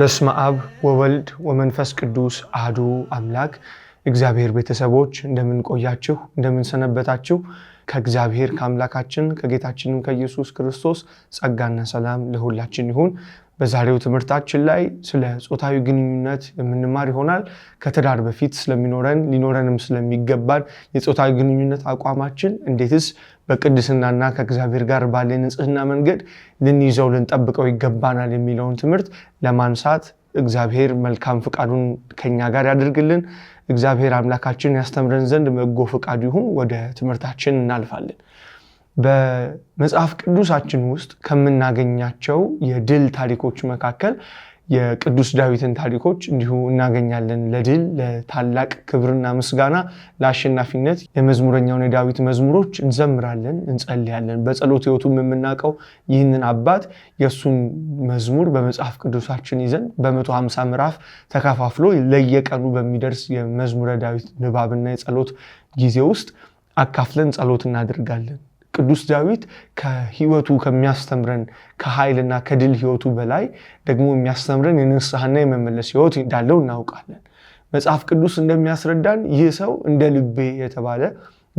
በስመ አብ ወወልድ ወመንፈስ ቅዱስ አህዱ አምላክ። እግዚአብሔር ቤተሰቦች እንደምን ቆያችሁ? እንደምን ሰነበታችሁ? ከእግዚአብሔር ከአምላካችን ከጌታችንም ከኢየሱስ ክርስቶስ ጸጋና ሰላም ለሁላችን ይሁን። በዛሬው ትምህርታችን ላይ ስለ ጾታዊ ግንኙነት የምንማር ይሆናል። ከትዳር በፊት ስለሚኖረን ሊኖረንም ስለሚገባን የጾታዊ ግንኙነት አቋማችን እንዴትስ በቅድስናና ከእግዚአብሔር ጋር ባለ ንጽህና መንገድ ልንይዘው ልንጠብቀው ይገባናል የሚለውን ትምህርት ለማንሳት እግዚአብሔር መልካም ፍቃዱን ከኛ ጋር ያደርግልን። እግዚአብሔር አምላካችን ያስተምረን ዘንድ በጎ ፍቃዱ ይሁን። ወደ ትምህርታችን እናልፋለን። በመጽሐፍ ቅዱሳችን ውስጥ ከምናገኛቸው የድል ታሪኮች መካከል የቅዱስ ዳዊትን ታሪኮች እንዲሁ እናገኛለን። ለድል ለታላቅ ክብርና ምስጋና ለአሸናፊነት የመዝሙረኛውን የዳዊት መዝሙሮች እንዘምራለን፣ እንጸልያለን። በጸሎት ሕይወቱም የምናውቀው ይህንን አባት የእሱን መዝሙር በመጽሐፍ ቅዱሳችን ይዘን በመቶ ሃምሳ ምዕራፍ ተከፋፍሎ ለየቀኑ በሚደርስ የመዝሙረ ዳዊት ንባብና የጸሎት ጊዜ ውስጥ አካፍለን ጸሎት እናደርጋለን። ቅዱስ ዳዊት ከህይወቱ ከሚያስተምረን ከኃይልና ከድል ህይወቱ በላይ ደግሞ የሚያስተምረን የንስሐና የመመለስ ህይወት እንዳለው እናውቃለን። መጽሐፍ ቅዱስ እንደሚያስረዳን ይህ ሰው እንደ ልቤ የተባለ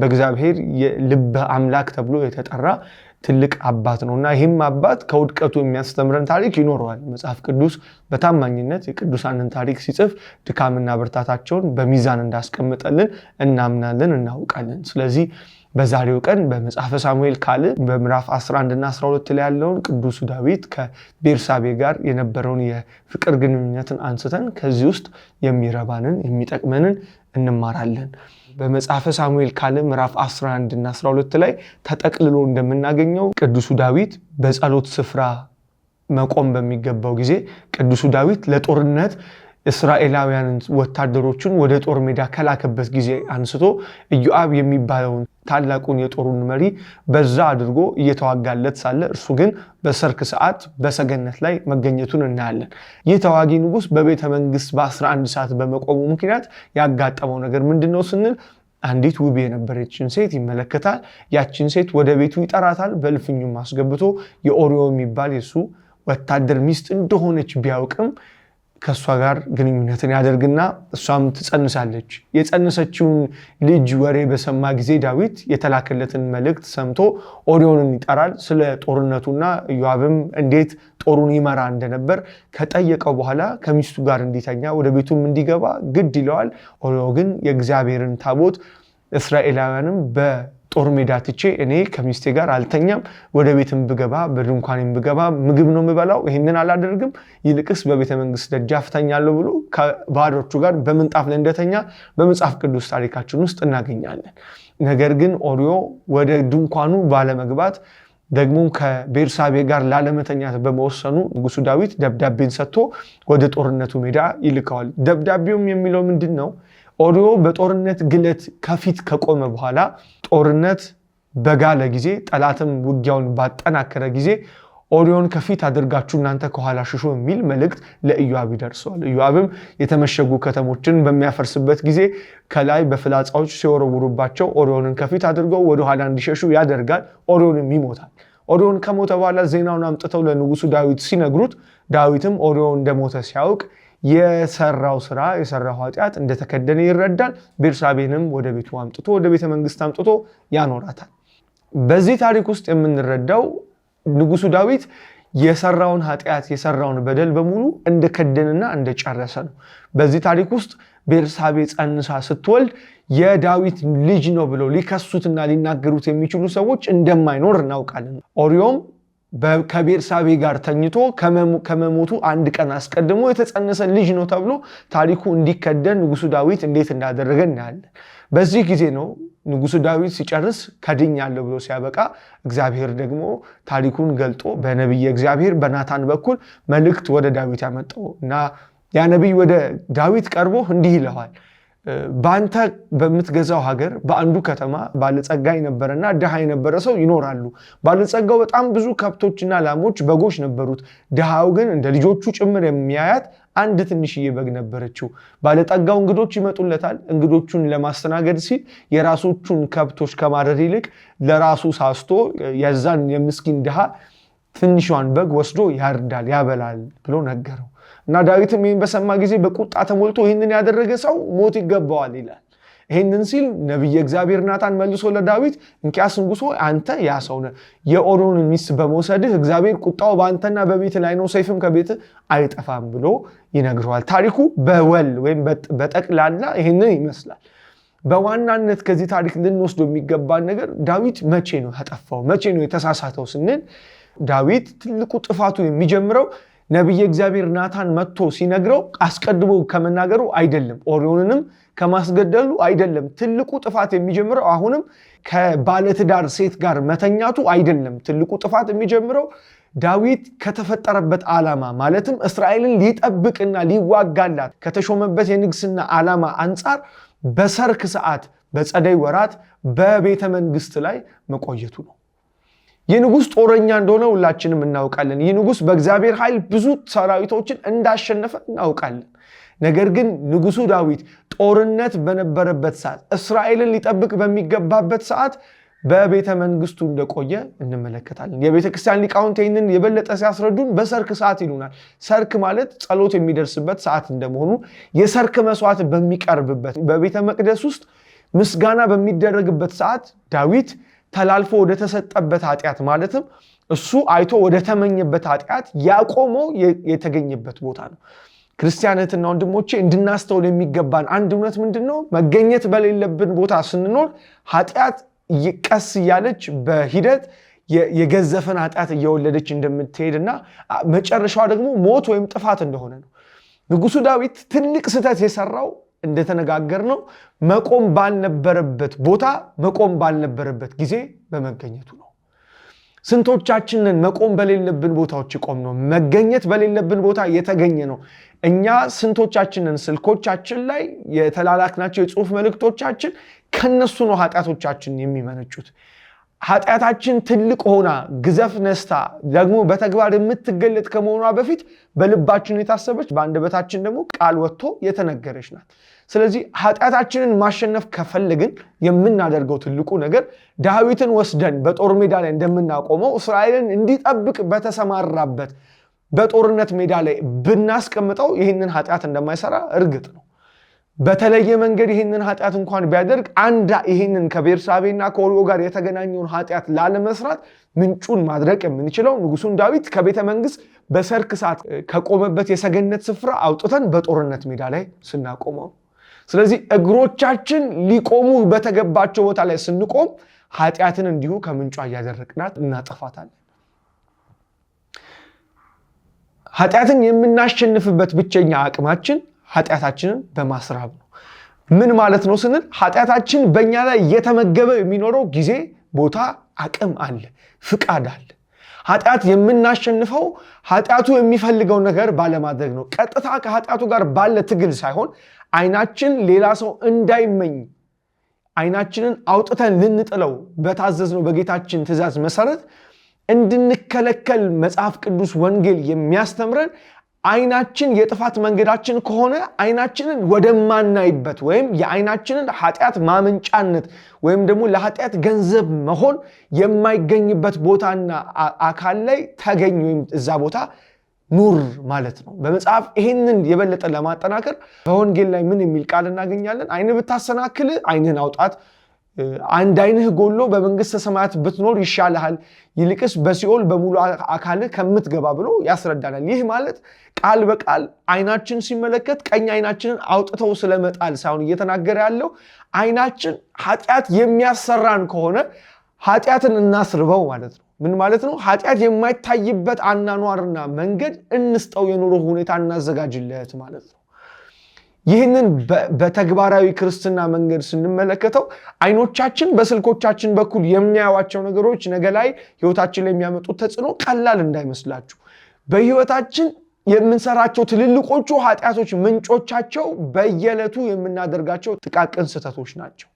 በእግዚአብሔር ልበ አምላክ ተብሎ የተጠራ ትልቅ አባት ነው እና ይህም አባት ከውድቀቱ የሚያስተምረን ታሪክ ይኖረዋል። መጽሐፍ ቅዱስ በታማኝነት የቅዱሳንን ታሪክ ሲጽፍ ድካምና ብርታታቸውን በሚዛን እንዳስቀምጠልን እናምናለን፣ እናውቃለን። ስለዚህ በዛሬው ቀን በመጽሐፈ ሳሙኤል ካል በምዕራፍ 11 እና 12 ላይ ያለውን ቅዱሱ ዳዊት ከቤርሳቤ ጋር የነበረውን የፍቅር ግንኙነትን አንስተን ከዚህ ውስጥ የሚረባንን የሚጠቅመንን እንማራለን። በመጽሐፈ ሳሙኤል ካል ምዕራፍ 11 እና 12 ላይ ተጠቅልሎ እንደምናገኘው ቅዱሱ ዳዊት በጸሎት ስፍራ መቆም በሚገባው ጊዜ ቅዱሱ ዳዊት ለጦርነት እስራኤላውያንን ወታደሮቹን ወደ ጦር ሜዳ ከላከበት ጊዜ አንስቶ ኢዮአብ የሚባለውን ታላቁን የጦሩን መሪ በዛ አድርጎ እየተዋጋለት ሳለ እርሱ ግን በሰርክ ሰዓት በሰገነት ላይ መገኘቱን እናያለን። ይህ ተዋጊ ንጉስ በቤተ መንግስት በ11 ሰዓት በመቆሙ ምክንያት ያጋጠመው ነገር ምንድን ነው ስንል አንዲት ውብ የነበረችን ሴት ይመለከታል። ያችን ሴት ወደ ቤቱ ይጠራታል። በልፍኙም አስገብቶ የኦሪዮ የሚባል የሱ ወታደር ሚስት እንደሆነች ቢያውቅም ከእሷ ጋር ግንኙነትን ያደርግና እሷም ትጸንሳለች። የጸነሰችውን ልጅ ወሬ በሰማ ጊዜ ዳዊት የተላከለትን መልእክት ሰምቶ ኦሪዮንን ይጠራል። ስለ ጦርነቱና ኢዮአብም እንዴት ጦሩን ይመራ እንደነበር ከጠየቀው በኋላ ከሚስቱ ጋር እንዲተኛ ወደ ቤቱም እንዲገባ ግድ ይለዋል። ኦዲዮ ግን የእግዚአብሔርን ታቦት እስራኤላውያንም በጦር ሜዳ ትቼ እኔ ከሚስቴ ጋር አልተኛም፣ ወደ ቤትም ብገባ በድንኳኔም ብገባ ምግብ ነው የምበላው፣ ይህንን አላደርግም፣ ይልቅስ በቤተ መንግስት ደጃፍ ተኛለሁ ብሎ ከባሮቹ ጋር በምንጣፍ ላይ እንደተኛ በመጽሐፍ ቅዱስ ታሪካችን ውስጥ እናገኛለን። ነገር ግን ኦሪዮ ወደ ድንኳኑ ባለመግባት ደግሞ ከቤርሳቤ ጋር ላለመተኛት በመወሰኑ ንጉሱ ዳዊት ደብዳቤን ሰጥቶ ወደ ጦርነቱ ሜዳ ይልከዋል። ደብዳቤውም የሚለው ምንድን ነው? ኦሪዮ በጦርነት ግለት ከፊት ከቆመ በኋላ ጦርነት በጋለ ጊዜ ጠላትም ውጊያውን ባጠናከረ ጊዜ ኦሪዮን ከፊት አድርጋችሁ እናንተ ከኋላ ሽሾ የሚል መልእክት ለኢዮአብ ይደርሰዋል። ኢዮአብም የተመሸጉ ከተሞችን በሚያፈርስበት ጊዜ ከላይ በፍላጻዎች ሲወረውሩባቸው ኦሪዮንን ከፊት አድርገው ወደኋላ እንዲሸሹ ያደርጋል። ኦሪዮንም ይሞታል። ኦሪዮን ከሞተ በኋላ ዜናውን አምጥተው ለንጉሱ ዳዊት ሲነግሩት ዳዊትም ኦሪዮ እንደሞተ ሲያውቅ የሰራው ስራ የሰራው ኃጢአት እንደተከደነ ይረዳል። ቤርሳቤንም ወደ ቤቱ አምጥቶ ወደ ቤተ መንግስት አምጥቶ ያኖራታል። በዚህ ታሪክ ውስጥ የምንረዳው ንጉሱ ዳዊት የሰራውን ኃጢአት የሰራውን በደል በሙሉ እንደከደንና እንደጨረሰ ነው። በዚህ ታሪክ ውስጥ ቤርሳቤ ጸንሳ ስትወልድ የዳዊት ልጅ ነው ብለው ሊከሱትና ሊናገሩት የሚችሉ ሰዎች እንደማይኖር እናውቃለን። ኦሪዮም ከቤርሳቤ ጋር ተኝቶ ከመሞቱ አንድ ቀን አስቀድሞ የተጸነሰ ልጅ ነው ተብሎ ታሪኩ እንዲከደን ንጉሱ ዳዊት እንዴት እንዳደረገ እናያለን። በዚህ ጊዜ ነው ንጉሱ ዳዊት ሲጨርስ ከድኛለሁ ብሎ ሲያበቃ እግዚአብሔር ደግሞ ታሪኩን ገልጦ በነቢይ እግዚአብሔር በናታን በኩል መልእክት ወደ ዳዊት ያመጣው እና ያ ነቢይ ወደ ዳዊት ቀርቦ እንዲህ ይለዋል በአንተ በምትገዛው ሀገር በአንዱ ከተማ ባለጸጋ የነበረና ድሃ የነበረ ሰው ይኖራሉ። ባለጸጋው በጣም ብዙ ከብቶችና ላሞች፣ በጎች ነበሩት። ድሃው ግን እንደ ልጆቹ ጭምር የሚያያት አንድ ትንሽዬ በግ ነበረችው። ባለጠጋው እንግዶች ይመጡለታል። እንግዶቹን ለማስተናገድ ሲል የራሶቹን ከብቶች ከማረድ ይልቅ ለራሱ ሳስቶ የዛን የምስኪን ድሃ ትንሿን በግ ወስዶ ያርዳል፣ ያበላል ብሎ ነገረው። እና ዳዊትም ይህን በሰማ ጊዜ በቁጣ ተሞልቶ ይህንን ያደረገ ሰው ሞት ይገባዋል ይላል። ይህንን ሲል ነቢየ እግዚአብሔር ናታን መልሶ ለዳዊት እንኪያስ ንጉሶ አንተ ያ ሰው ነህ፣ የኦርዮንን ሚስት በመውሰድህ እግዚአብሔር ቁጣው በአንተና በቤት ላይ ነው፣ ሰይፍም ከቤት አይጠፋም ብሎ ይነግረዋል። ታሪኩ በወል ወይም በጠቅላላ ይህንን ይመስላል። በዋናነት ከዚህ ታሪክ ልንወስዶ የሚገባን ነገር ዳዊት መቼ ነው ያጠፋው? መቼ ነው የተሳሳተው ስንል ዳዊት ትልቁ ጥፋቱ የሚጀምረው ነቢየ እግዚአብሔር ናታን መጥቶ ሲነግረው አስቀድሞ ከመናገሩ አይደለም፣ ኦሪዮንንም ከማስገደሉ አይደለም። ትልቁ ጥፋት የሚጀምረው አሁንም ከባለትዳር ሴት ጋር መተኛቱ አይደለም። ትልቁ ጥፋት የሚጀምረው ዳዊት ከተፈጠረበት ዓላማ ማለትም እስራኤልን ሊጠብቅና ሊዋጋላት ከተሾመበት የንግስና ዓላማ አንጻር በሰርክ ሰዓት፣ በጸደይ ወራት በቤተ መንግስት ላይ መቆየቱ ነው። የንጉስ ጦረኛ እንደሆነ ሁላችንም እናውቃለን። ይህ ንጉስ በእግዚአብሔር ኃይል ብዙ ሰራዊቶችን እንዳሸነፈ እናውቃለን። ነገር ግን ንጉሱ ዳዊት ጦርነት በነበረበት ሰዓት፣ እስራኤልን ሊጠብቅ በሚገባበት ሰዓት በቤተ መንግስቱ እንደቆየ እንመለከታለን። የቤተ ክርስቲያን ሊቃውንት ይህንን የበለጠ ሲያስረዱን በሰርክ ሰዓት ይሉናል። ሰርክ ማለት ጸሎት የሚደርስበት ሰዓት እንደመሆኑ የሰርክ መስዋዕት በሚቀርብበት በቤተ መቅደስ ውስጥ ምስጋና በሚደረግበት ሰዓት ዳዊት ተላልፎ ወደ ተሰጠበት ኃጢአት ማለትም እሱ አይቶ ወደ ተመኘበት ኃጢአት ያቆመው የተገኘበት ቦታ ነው። ክርስቲያነትና ወንድሞቼ እንድናስተውል የሚገባን አንድ እውነት ምንድን ነው? መገኘት በሌለብን ቦታ ስንኖር ኃጢአት ቀስ እያለች በሂደት የገዘፈን ኃጢአት እየወለደች እንደምትሄድ እና መጨረሻዋ ደግሞ ሞት ወይም ጥፋት እንደሆነ ነው። ንጉሱ ዳዊት ትልቅ ስህተት የሰራው እንደተነጋገር ነው መቆም ባልነበረበት ቦታ መቆም ባልነበረበት ጊዜ በመገኘቱ ነው። ስንቶቻችንን መቆም በሌለብን ቦታዎች ቆም ነው፣ መገኘት በሌለብን ቦታ የተገኘ ነው። እኛ ስንቶቻችንን ስልኮቻችን ላይ የተላላክናቸው የጽሁፍ መልእክቶቻችን ከነሱ ነው ኃጢአቶቻችን የሚመነጩት። ኃጢአታችን ትልቅ ሆና ግዘፍ ነስታ ደግሞ በተግባር የምትገለጥ ከመሆኗ በፊት በልባችን የታሰበች በአንደበታችን ደግሞ ቃል ወጥቶ የተነገረች ናት። ስለዚህ ኃጢአታችንን ማሸነፍ ከፈለግን የምናደርገው ትልቁ ነገር ዳዊትን ወስደን በጦር ሜዳ ላይ እንደምናቆመው እስራኤልን እንዲጠብቅ በተሰማራበት በጦርነት ሜዳ ላይ ብናስቀምጠው ይህንን ኃጢአት እንደማይሰራ እርግጥ ነው። በተለየ መንገድ ይህንን ኃጢአት እንኳን ቢያደርግ አንድ ይህንን ከቤርሳቤና ከኦሪዮ ጋር የተገናኘውን ኃጢአት ላለመስራት ምንጩን ማድረቅ የምንችለው ንጉሱን ዳዊት ከቤተ መንግስት በሰርክ ሰዓት ከቆመበት የሰገነት ስፍራ አውጥተን በጦርነት ሜዳ ላይ ስናቆመው። ስለዚህ እግሮቻችን ሊቆሙ በተገባቸው ቦታ ላይ ስንቆም ኃጢአትን እንዲሁ ከምንጯ እያደረቅናት እናጠፋታለን። ኃጢአትን የምናሸንፍበት ብቸኛ አቅማችን ኃጢአታችንን በማስራብ ነው። ምን ማለት ነው ስንል ኃጢአታችን በእኛ ላይ እየተመገበ የሚኖረው ጊዜ፣ ቦታ፣ አቅም አለ፣ ፍቃድ አለ። ኃጢአት የምናሸንፈው ኃጢአቱ የሚፈልገው ነገር ባለማድረግ ነው። ቀጥታ ከኃጢአቱ ጋር ባለ ትግል ሳይሆን አይናችን ሌላ ሰው እንዳይመኝ አይናችንን አውጥተን ልንጥለው በታዘዝነው በጌታችን ትእዛዝ መሰረት እንድንከለከል መጽሐፍ ቅዱስ ወንጌል የሚያስተምረን አይናችን የጥፋት መንገዳችን ከሆነ አይናችንን ወደማናይበት ወይም የአይናችንን ኃጢአት ማመንጫነት ወይም ደግሞ ለኃጢአት ገንዘብ መሆን የማይገኝበት ቦታና አካል ላይ ተገኝ ወይም እዛ ቦታ ኑር ማለት ነው። በመጽሐፍ ይህንን የበለጠ ለማጠናከር በወንጌል ላይ ምን የሚል ቃል እናገኛለን? አይን ብታሰናክል አይንህን አውጣት አንድ አይንህ ጎሎ በመንግስተ ሰማያት ብትኖር ይሻልሃል፣ ይልቅስ በሲኦል በሙሉ አካልህ ከምትገባ ብሎ ያስረዳናል። ይህ ማለት ቃል በቃል አይናችን ሲመለከት ቀኝ አይናችንን አውጥተው ስለመጣል ሳይሆን እየተናገረ ያለው አይናችን ኃጢአት የሚያሰራን ከሆነ ኃጢአትን እናስርበው ማለት ነው። ምን ማለት ነው? ኃጢአት የማይታይበት አናኗርና መንገድ እንስጠው፣ የኑሮ ሁኔታ እናዘጋጅለት ማለት ነው። ይህንን በተግባራዊ ክርስትና መንገድ ስንመለከተው አይኖቻችን በስልኮቻችን በኩል የሚያዩዋቸው ነገሮች ነገ ላይ ህይወታችን ላይ የሚያመጡት ተጽዕኖ ቀላል እንዳይመስላችሁ። በህይወታችን የምንሰራቸው ትልልቆቹ ኃጢአቶች ምንጮቻቸው በየዕለቱ የምናደርጋቸው ጥቃቅን ስህተቶች ናቸው።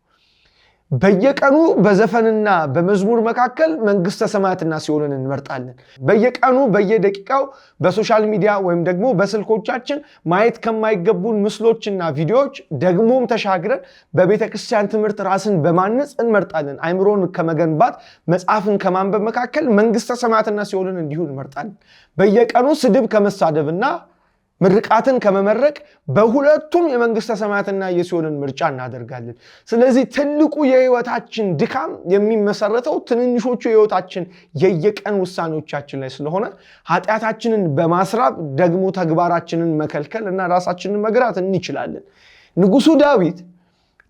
በየቀኑ በዘፈንና በመዝሙር መካከል መንግስተ ሰማያትና ሲሆንን እንመርጣለን። በየቀኑ በየደቂቃው በሶሻል ሚዲያ ወይም ደግሞ በስልኮቻችን ማየት ከማይገቡን ምስሎችና ቪዲዮዎች ደግሞም ተሻግረን በቤተ ክርስቲያን ትምህርት ራስን በማነጽ እንመርጣለን። አይምሮን ከመገንባት መጽሐፍን ከማንበብ መካከል መንግስተ ሰማያትና ሲሆንን እንዲሁ እንመርጣለን። በየቀኑ ስድብ ከመሳደብና ምርቃትን ከመመረቅ በሁለቱም የመንግስተ ሰማያትና የሲዮንን ምርጫ እናደርጋለን። ስለዚህ ትልቁ የህይወታችን ድካም የሚመሰረተው ትንንሾቹ የህይወታችን የየቀን ውሳኔዎቻችን ላይ ስለሆነ ኃጢአታችንን በማስራብ ደግሞ ተግባራችንን መከልከል እና ራሳችንን መግራት እንችላለን። ንጉሱ ዳዊት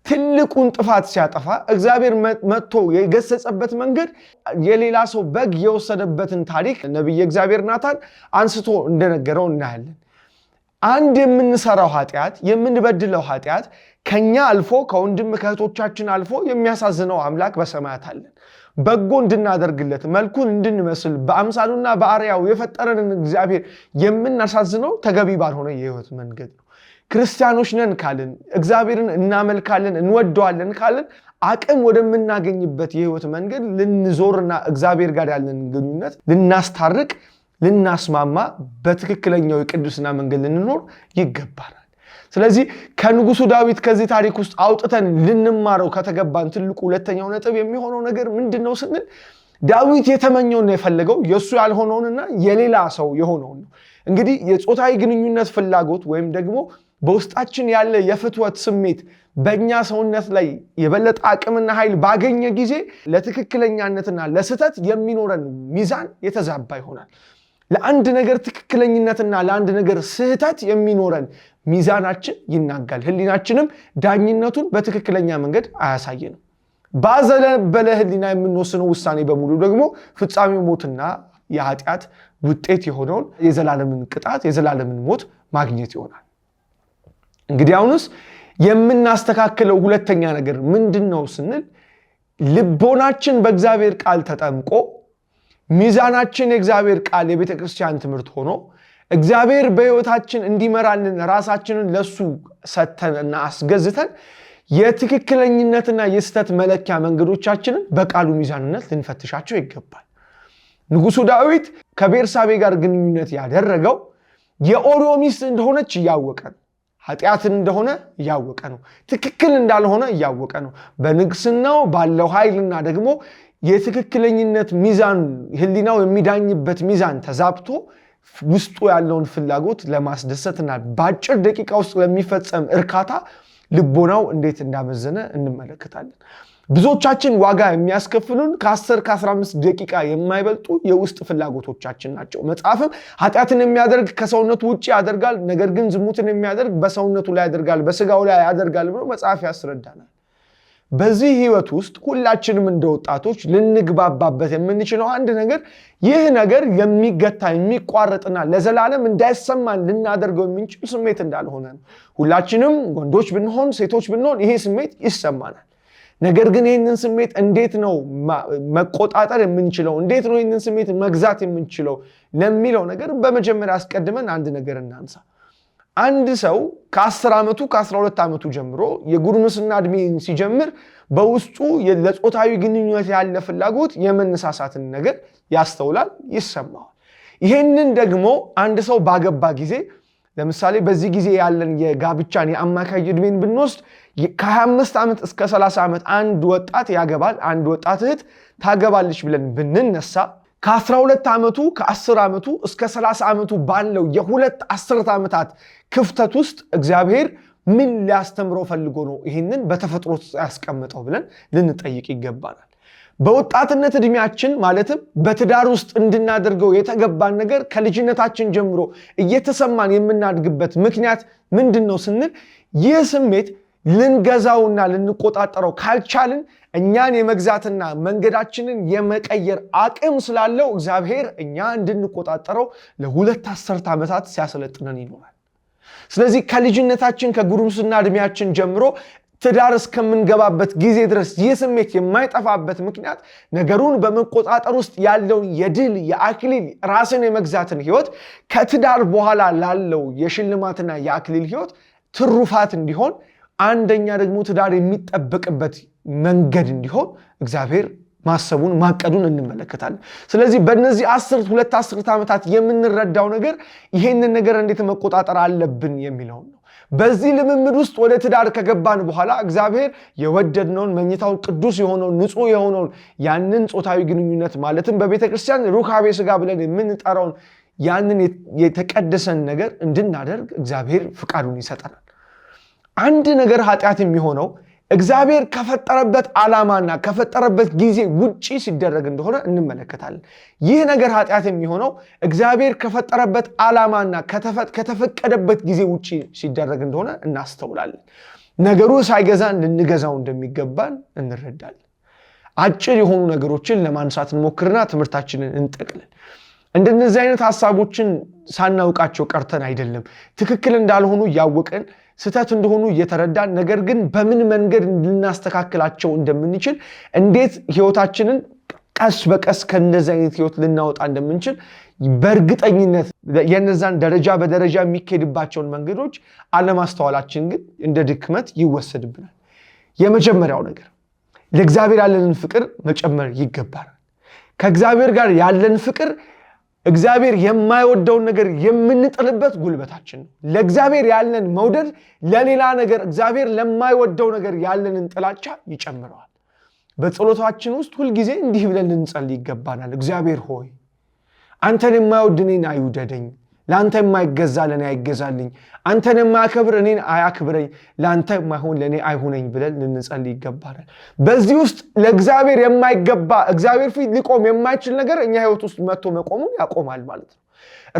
ትልቁን ጥፋት ሲያጠፋ እግዚአብሔር መጥቶ የገሰጸበት መንገድ የሌላ ሰው በግ የወሰደበትን ታሪክ ነቢየ እግዚአብሔር ናታን አንስቶ እንደነገረው እናያለን። አንድ የምንሰራው ኃጢአት የምንበድለው ኃጢአት ከኛ አልፎ ከወንድም ከእህቶቻችን አልፎ የሚያሳዝነው አምላክ በሰማያት አለን። በጎ እንድናደርግለት መልኩን እንድንመስል በአምሳሉና በአርያው የፈጠረንን እግዚአብሔር የምናሳዝነው ተገቢ ባልሆነ የህይወት መንገድ ነው። ክርስቲያኖች ነን ካልን እግዚአብሔርን እናመልካለን እንወደዋለን ካልን አቅም ወደምናገኝበት የህይወት መንገድ ልንዞርና እግዚአብሔር ጋር ያለን ግንኙነት ልናስታርቅ ልናስማማ በትክክለኛው የቅዱስና መንገድ ልንኖር ይገባናል። ስለዚህ ከንጉሱ ዳዊት ከዚህ ታሪክ ውስጥ አውጥተን ልንማረው ከተገባን ትልቁ ሁለተኛው ነጥብ የሚሆነው ነገር ምንድን ነው ስንል ዳዊት የተመኘውና የፈለገው የእሱ ያልሆነውንና የሌላ ሰው የሆነውን ነው። እንግዲህ የፆታዊ ግንኙነት ፍላጎት ወይም ደግሞ በውስጣችን ያለ የፍትወት ስሜት በእኛ ሰውነት ላይ የበለጠ አቅምና ኃይል ባገኘ ጊዜ ለትክክለኛነትና ለስህተት የሚኖረን ሚዛን የተዛባ ይሆናል። ለአንድ ነገር ትክክለኝነትና ለአንድ ነገር ስህተት የሚኖረን ሚዛናችን ይናጋል። ህሊናችንም ዳኝነቱን በትክክለኛ መንገድ አያሳየንም። ባዘለበለ ህሊና የምንወስነው ውሳኔ በሙሉ ደግሞ ፍጻሜ ሞትና የኃጢአት ውጤት የሆነውን የዘላለምን ቅጣት የዘላለምን ሞት ማግኘት ይሆናል። እንግዲህ አሁንስ የምናስተካክለው ሁለተኛ ነገር ምንድን ነው ስንል ልቦናችን በእግዚአብሔር ቃል ተጠምቆ ሚዛናችን የእግዚአብሔር ቃል የቤተ ክርስቲያን ትምህርት ሆኖ እግዚአብሔር በሕይወታችን እንዲመራልን ራሳችንን ለሱ ሰጥተን እና አስገዝተን የትክክለኝነትና የስተት መለኪያ መንገዶቻችንን በቃሉ ሚዛንነት ልንፈትሻቸው ይገባል። ንጉሱ ዳዊት ከቤርሳቤ ጋር ግንኙነት ያደረገው የኦሪዮ ሚስት እንደሆነች እያወቀ ነው። ኃጢአትን እንደሆነ እያወቀ ነው። ትክክል እንዳልሆነ እያወቀ ነው። በንግስናው ባለው ኃይልና ደግሞ የትክክለኝነት ሚዛን ህሊናው የሚዳኝበት ሚዛን ተዛብቶ ውስጡ ያለውን ፍላጎት ለማስደሰትና በአጭር ደቂቃ ውስጥ ለሚፈጸም እርካታ ልቦናው እንዴት እንዳመዘነ እንመለከታለን። ብዙዎቻችን ዋጋ የሚያስከፍሉን ከ10 ከ15 ደቂቃ የማይበልጡ የውስጥ ፍላጎቶቻችን ናቸው። መጽሐፍም ኃጢአትን የሚያደርግ ከሰውነቱ ውጭ ያደርጋል፣ ነገር ግን ዝሙትን የሚያደርግ በሰውነቱ ላይ ያደርጋል፣ በስጋው ላይ ያደርጋል ብሎ መጽሐፍ ያስረዳናል። በዚህ ህይወት ውስጥ ሁላችንም እንደ ወጣቶች ልንግባባበት የምንችለው አንድ ነገር ይህ ነገር የሚገታ የሚቋረጥና ለዘላለም እንዳይሰማን ልናደርገው የምንችል ስሜት እንዳልሆነ ነው። ሁላችንም ወንዶች ብንሆን ሴቶች ብንሆን ይሄ ስሜት ይሰማናል። ነገር ግን ይህንን ስሜት እንዴት ነው መቆጣጠር የምንችለው? እንዴት ነው ይህንን ስሜት መግዛት የምንችለው ለሚለው ነገር በመጀመሪያ አስቀድመን አንድ ነገር እናንሳ። አንድ ሰው ከ ከ10 ዓመቱ ከ12 ዓመቱ ጀምሮ የጉርምስና እድሜን ሲጀምር በውስጡ ለጾታዊ ግንኙነት ያለ ፍላጎት የመነሳሳትን ነገር ያስተውላል፣ ይሰማዋል። ይህንን ደግሞ አንድ ሰው ባገባ ጊዜ ለምሳሌ በዚህ ጊዜ ያለን የጋብቻን የአማካይ እድሜን ብንወስድ ከ25 ዓመት እስከ 30 ዓመት አንድ ወጣት ያገባል፣ አንድ ወጣት እህት ታገባለች ብለን ብንነሳ ከ12 ዓመቱ ከ10 ዓመቱ እስከ 30 ዓመቱ ባለው የሁለት አስርት ዓመታት ክፍተት ውስጥ እግዚአብሔር ምን ሊያስተምረው ፈልጎ ነው ይህንን በተፈጥሮ ያስቀምጠው ብለን ልንጠይቅ ይገባናል። በወጣትነት ዕድሜያችን ማለትም በትዳር ውስጥ እንድናደርገው የተገባን ነገር ከልጅነታችን ጀምሮ እየተሰማን የምናድግበት ምክንያት ምንድን ነው ስንል ይህ ስሜት ልንገዛውና ልንቆጣጠረው ካልቻልን እኛን የመግዛትና መንገዳችንን የመቀየር አቅም ስላለው እግዚአብሔር እኛ እንድንቆጣጠረው ለሁለት አስርተ ዓመታት ሲያሰለጥነን ይኖራል። ስለዚህ ከልጅነታችን ከጉርምስና እድሜያችን ጀምሮ ትዳር እስከምንገባበት ጊዜ ድረስ ይህ ስሜት የማይጠፋበት ምክንያት ነገሩን በመቆጣጠር ውስጥ ያለውን የድል የአክሊል ራስን የመግዛትን ህይወት ከትዳር በኋላ ላለው የሽልማትና የአክሊል ህይወት ትሩፋት እንዲሆን አንደኛ ደግሞ ትዳር የሚጠበቅበት መንገድ እንዲሆን እግዚአብሔር ማሰቡን ማቀዱን እንመለከታለን። ስለዚህ በእነዚህ አስር ሁለት አስርት ዓመታት የምንረዳው ነገር ይሄንን ነገር እንዴት መቆጣጠር አለብን የሚለውን ነው። በዚህ ልምምድ ውስጥ ወደ ትዳር ከገባን በኋላ እግዚአብሔር የወደድነውን መኝታውን ቅዱስ የሆነውን ንጹህ የሆነውን ያንን ጾታዊ ግንኙነት ማለትም በቤተ ክርስቲያን ሩካቤ ስጋ ብለን የምንጠራውን ያንን የተቀደሰን ነገር እንድናደርግ እግዚአብሔር ፍቃዱን ይሰጠናል። አንድ ነገር ኃጢአት የሚሆነው እግዚአብሔር ከፈጠረበት ዓላማና ከፈጠረበት ጊዜ ውጪ ሲደረግ እንደሆነ እንመለከታለን። ይህ ነገር ኃጢአት የሚሆነው እግዚአብሔር ከፈጠረበት ዓላማና ከተፈቀደበት ጊዜ ውጪ ሲደረግ እንደሆነ እናስተውላለን። ነገሩ ሳይገዛን ልንገዛው እንደሚገባን እንረዳለን። አጭር የሆኑ ነገሮችን ለማንሳት እንሞክርና ትምህርታችንን እንጠቅልን። እንደነዚህ አይነት ሀሳቦችን ሳናውቃቸው ቀርተን አይደለም፣ ትክክል እንዳልሆኑ እያወቅን ስህተት እንደሆኑ እየተረዳን ነገር ግን በምን መንገድ ልናስተካክላቸው እንደምንችል እንዴት ህይወታችንን ቀስ በቀስ ከነዚ አይነት ህይወት ልናወጣ እንደምንችል በእርግጠኝነት የነዛን ደረጃ በደረጃ የሚካሄድባቸውን መንገዶች አለማስተዋላችን ግን እንደ ድክመት ይወሰድብናል። የመጀመሪያው ነገር ለእግዚአብሔር ያለንን ፍቅር መጨመር ይገባል። ከእግዚአብሔር ጋር ያለን ፍቅር እግዚአብሔር የማይወደውን ነገር የምንጥልበት ጉልበታችን ነው። ለእግዚአብሔር ያለን መውደድ ለሌላ ነገር እግዚአብሔር ለማይወደው ነገር ያለንን ጥላቻ ይጨምረዋል። በጸሎታችን ውስጥ ሁልጊዜ እንዲህ ብለን ልንጸል ይገባናል። እግዚአብሔር ሆይ አንተን የማይወድ እኔን አይውደደኝ ለአንተ የማይገዛ ለእኔ አይገዛልኝ፣ አንተን የማያከብር እኔን አያክብረኝ፣ ለአንተ የማይሆን ለእኔ አይሆነኝ ብለን ልንጸል ይገባናል። በዚህ ውስጥ ለእግዚአብሔር የማይገባ እግዚአብሔር ፊት ሊቆም የማይችል ነገር እኛ ህይወት ውስጥ መጥቶ መቆሙን ያቆማል ማለት ነው።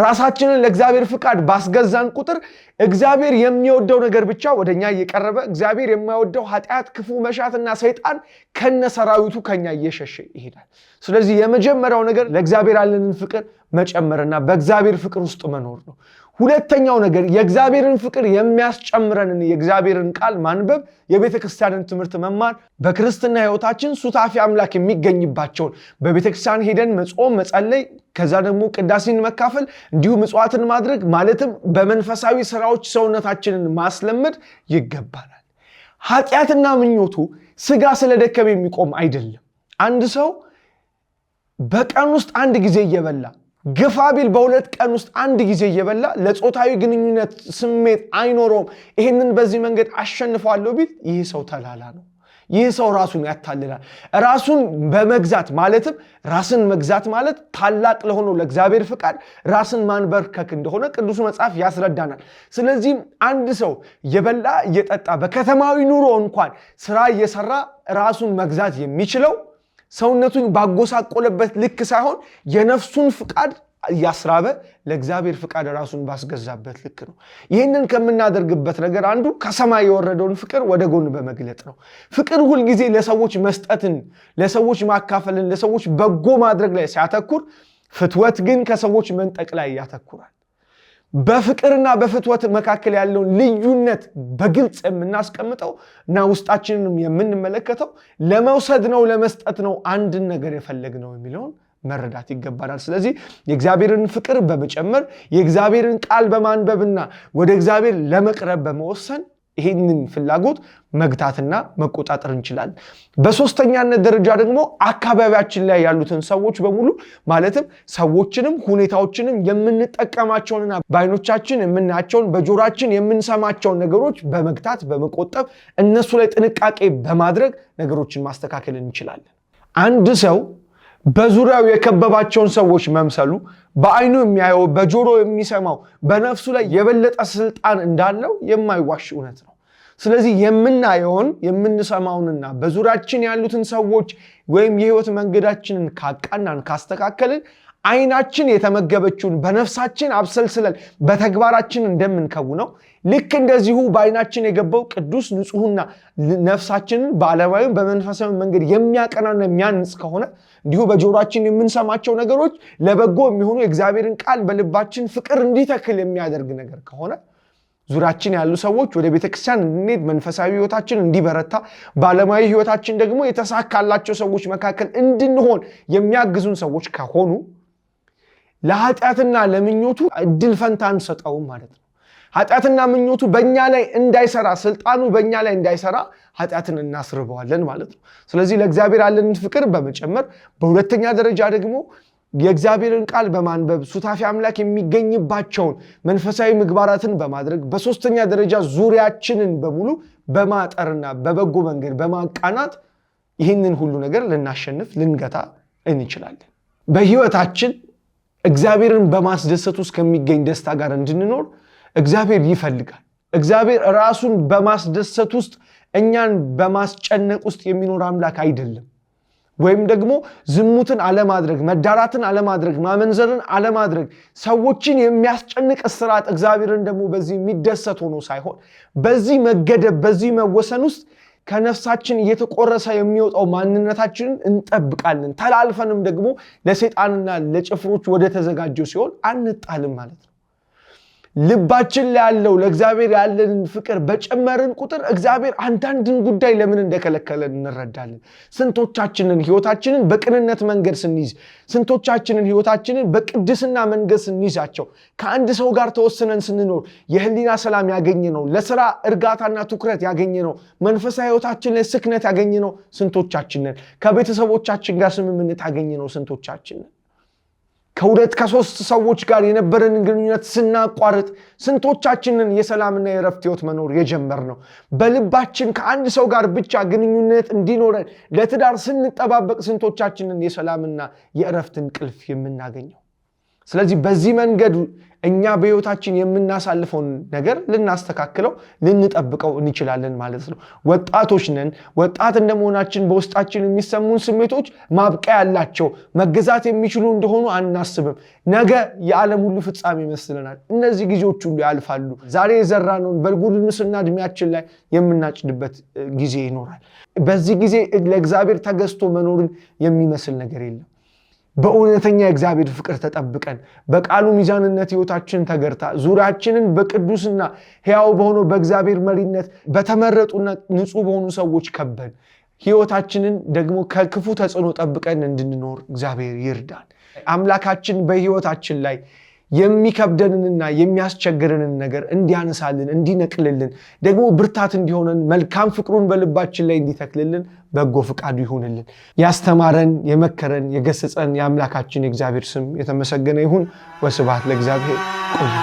ራሳችንን ለእግዚአብሔር ፍቃድ ባስገዛን ቁጥር እግዚአብሔር የሚወደው ነገር ብቻ ወደኛ እየቀረበ እግዚአብሔር የማይወደው ኃጢአት፣ ክፉ መሻትና ሰይጣን ከነ ሰራዊቱ ከኛ እየሸሸ ይሄዳል። ስለዚህ የመጀመሪያው ነገር ለእግዚአብሔር ያለንን ፍቅር መጨመርና በእግዚአብሔር ፍቅር ውስጥ መኖር ነው። ሁለተኛው ነገር የእግዚአብሔርን ፍቅር የሚያስጨምረንን የእግዚአብሔርን ቃል ማንበብ፣ የቤተ ክርስቲያንን ትምህርት መማር፣ በክርስትና ሕይወታችን ሱታፊ አምላክ የሚገኝባቸውን በቤተ ክርስቲያን ሄደን መጾም፣ መጸለይ፣ ከዛ ደግሞ ቅዳሴን መካፈል፣ እንዲሁም ምጽዋትን ማድረግ ማለትም በመንፈሳዊ ስራዎች ሰውነታችንን ማስለመድ ይገባናል። ኃጢአትና ምኞቱ ስጋ ስለደከመ የሚቆም አይደለም። አንድ ሰው በቀን ውስጥ አንድ ጊዜ እየበላ ግፋ ቢል በሁለት ቀን ውስጥ አንድ ጊዜ እየበላ ለጾታዊ ግንኙነት ስሜት አይኖረውም። ይህንን በዚህ መንገድ አሸንፏለሁ ቢል ይህ ሰው ተላላ ነው። ይህ ሰው ራሱን ያታልላል። ራሱን በመግዛት ማለትም ራስን መግዛት ማለት ታላቅ ለሆነው ለእግዚአብሔር ፍቃድ ራስን ማንበርከክ እንደሆነ ቅዱሱ መጽሐፍ ያስረዳናል። ስለዚህም አንድ ሰው እየበላ እየጠጣ በከተማዊ ኑሮ እንኳን ስራ እየሰራ ራሱን መግዛት የሚችለው ሰውነቱን ባጎሳቆለበት ልክ ሳይሆን የነፍሱን ፍቃድ እያስራበ ለእግዚአብሔር ፍቃድ ራሱን ባስገዛበት ልክ ነው። ይህንን ከምናደርግበት ነገር አንዱ ከሰማይ የወረደውን ፍቅር ወደ ጎን በመግለጥ ነው። ፍቅር ሁልጊዜ ለሰዎች መስጠትን፣ ለሰዎች ማካፈልን፣ ለሰዎች በጎ ማድረግ ላይ ሲያተኩር፣ ፍትወት ግን ከሰዎች መንጠቅ ላይ ያተኩራል። በፍቅርና በፍትወት መካከል ያለውን ልዩነት በግልጽ የምናስቀምጠው እና ውስጣችንንም የምንመለከተው ለመውሰድ ነው ለመስጠት ነው አንድን ነገር የፈለግ ነው የሚለውን መረዳት ይገባናል። ስለዚህ የእግዚአብሔርን ፍቅር በመጨመር የእግዚአብሔርን ቃል በማንበብና ወደ እግዚአብሔር ለመቅረብ በመወሰን ይህንን ፍላጎት መግታትና መቆጣጠር እንችላለን። በሶስተኛነት ደረጃ ደግሞ አካባቢያችን ላይ ያሉትን ሰዎች በሙሉ ማለትም ሰዎችንም ሁኔታዎችንም የምንጠቀማቸውንና በአይኖቻችን የምናያቸውን በጆሯችን የምንሰማቸውን ነገሮች በመግታት በመቆጠብ እነሱ ላይ ጥንቃቄ በማድረግ ነገሮችን ማስተካከል እንችላለን። አንድ ሰው በዙሪያው የከበባቸውን ሰዎች መምሰሉ በአይኑ የሚያየው በጆሮ የሚሰማው በነፍሱ ላይ የበለጠ ስልጣን እንዳለው የማይዋሽ እውነት ነው። ስለዚህ የምናየውን የምንሰማውንና በዙሪያችን ያሉትን ሰዎች ወይም የህይወት መንገዳችንን ካቃናን ካስተካከልን አይናችን የተመገበችውን በነፍሳችን አብሰልስለን በተግባራችን እንደምንከውነው ልክ እንደዚሁ በአይናችን የገባው ቅዱስ ንጹሕና ነፍሳችንን በዓለማዊም በመንፈሳዊ መንገድ የሚያቀናና የሚያንጽ ከሆነ እንዲሁ በጆሯችን የምንሰማቸው ነገሮች ለበጎ የሚሆኑ የእግዚአብሔርን ቃል በልባችን ፍቅር እንዲተክል የሚያደርግ ነገር ከሆነ ዙሪያችን ያሉ ሰዎች ወደ ቤተክርስቲያን እንድንሄድ መንፈሳዊ ህይወታችን እንዲበረታ በአለማዊ ህይወታችን ደግሞ የተሳካላቸው ሰዎች መካከል እንድንሆን የሚያግዙን ሰዎች ከሆኑ ለኃጢአትና ለምኞቱ እድል ፈንታ አንሰጠውም ማለት ነው። ኃጢአትና ምኞቱ በእኛ ላይ እንዳይሰራ ስልጣኑ በእኛ ላይ እንዳይሰራ ኃጢአትን እናስርበዋለን ማለት ነው። ስለዚህ ለእግዚአብሔር ያለንን ፍቅር በመጨመር በሁለተኛ ደረጃ ደግሞ የእግዚአብሔርን ቃል በማንበብ ሱታፊ አምላክ የሚገኝባቸውን መንፈሳዊ ምግባራትን በማድረግ በሶስተኛ ደረጃ ዙሪያችንን በሙሉ በማጠርና በበጎ መንገድ በማቃናት ይህንን ሁሉ ነገር ልናሸንፍ ልንገታ እንችላለን። በህይወታችን እግዚአብሔርን በማስደሰት ውስጥ ከሚገኝ ደስታ ጋር እንድንኖር እግዚአብሔር ይፈልጋል። እግዚአብሔር ራሱን በማስደሰት ውስጥ እኛን በማስጨነቅ ውስጥ የሚኖር አምላክ አይደለም። ወይም ደግሞ ዝሙትን አለማድረግ፣ መዳራትን አለማድረግ፣ ማመንዘርን አለማድረግ፣ ሰዎችን የሚያስጨንቅ ስርዓት እግዚአብሔርን ደግሞ በዚህ የሚደሰት ሆኖ ሳይሆን በዚህ መገደብ፣ በዚህ መወሰን ውስጥ ከነፍሳችን እየተቆረሰ የሚወጣው ማንነታችንን እንጠብቃለን። ተላልፈንም ደግሞ ለሴጣንና ለጭፍሮች ወደ ተዘጋጀው ሲሆን አንጣልም ማለት ነው። ልባችን ላይ ያለው ለእግዚአብሔር ያለንን ፍቅር በጨመርን ቁጥር እግዚአብሔር አንዳንድን ጉዳይ ለምን እንደከለከለን እንረዳለን። ስንቶቻችንን ህይወታችንን በቅንነት መንገድ ስንይዝ፣ ስንቶቻችንን ህይወታችንን በቅድስና መንገድ ስንይዛቸው፣ ከአንድ ሰው ጋር ተወስነን ስንኖር የህሊና ሰላም ያገኘ ነው፣ ለስራ እርጋታና ትኩረት ያገኘ ነው፣ መንፈሳዊ ህይወታችን ላይ ስክነት ያገኘ ነው ስንቶቻችንን፣ ከቤተሰቦቻችን ጋር ስምምነት ያገኘ ነው ስንቶቻችንን ከሁለት ከሶስት ሰዎች ጋር የነበረን ግንኙነት ስናቋርጥ ስንቶቻችንን የሰላምና የእረፍት ህይወት መኖር የጀመር ነው። በልባችን ከአንድ ሰው ጋር ብቻ ግንኙነት እንዲኖረን ለትዳር ስንጠባበቅ ስንቶቻችንን የሰላምና የእረፍት እንቅልፍ የምናገኘው ስለዚህ በዚህ መንገድ እኛ በህይወታችን የምናሳልፈውን ነገር ልናስተካክለው ልንጠብቀው እንችላለን ማለት ነው። ወጣቶች ነን። ወጣት እንደመሆናችን በውስጣችን የሚሰሙን ስሜቶች ማብቂያ ያላቸው መገዛት የሚችሉ እንደሆኑ አናስብም። ነገ የዓለም ሁሉ ፍጻሜ ይመስለናል። እነዚህ ጊዜዎች ሁሉ ያልፋሉ። ዛሬ የዘራነውን በጉልምስና እድሜያችን ላይ የምናጭድበት ጊዜ ይኖራል። በዚህ ጊዜ ለእግዚአብሔር ተገዝቶ መኖርን የሚመስል ነገር የለም። በእውነተኛ የእግዚአብሔር ፍቅር ተጠብቀን በቃሉ ሚዛንነት ህይወታችንን ተገርታ ዙሪያችንን በቅዱስና ሕያው በሆነው በእግዚአብሔር መሪነት በተመረጡና ንጹህ በሆኑ ሰዎች ከበን ህይወታችንን ደግሞ ከክፉ ተጽዕኖ ጠብቀን እንድንኖር እግዚአብሔር ይርዳል። አምላካችን በህይወታችን ላይ የሚከብደንንና የሚያስቸግረንን ነገር እንዲያነሳልን፣ እንዲነቅልልን ደግሞ ብርታት እንዲሆነን መልካም ፍቅሩን በልባችን ላይ እንዲተክልልን በጎ ፍቃዱ ይሁንልን። ያስተማረን፣ የመከረን፣ የገሰጸን የአምላካችን የእግዚአብሔር ስም የተመሰገነ ይሁን። ወስባት ለእግዚአብሔር። ቆዩ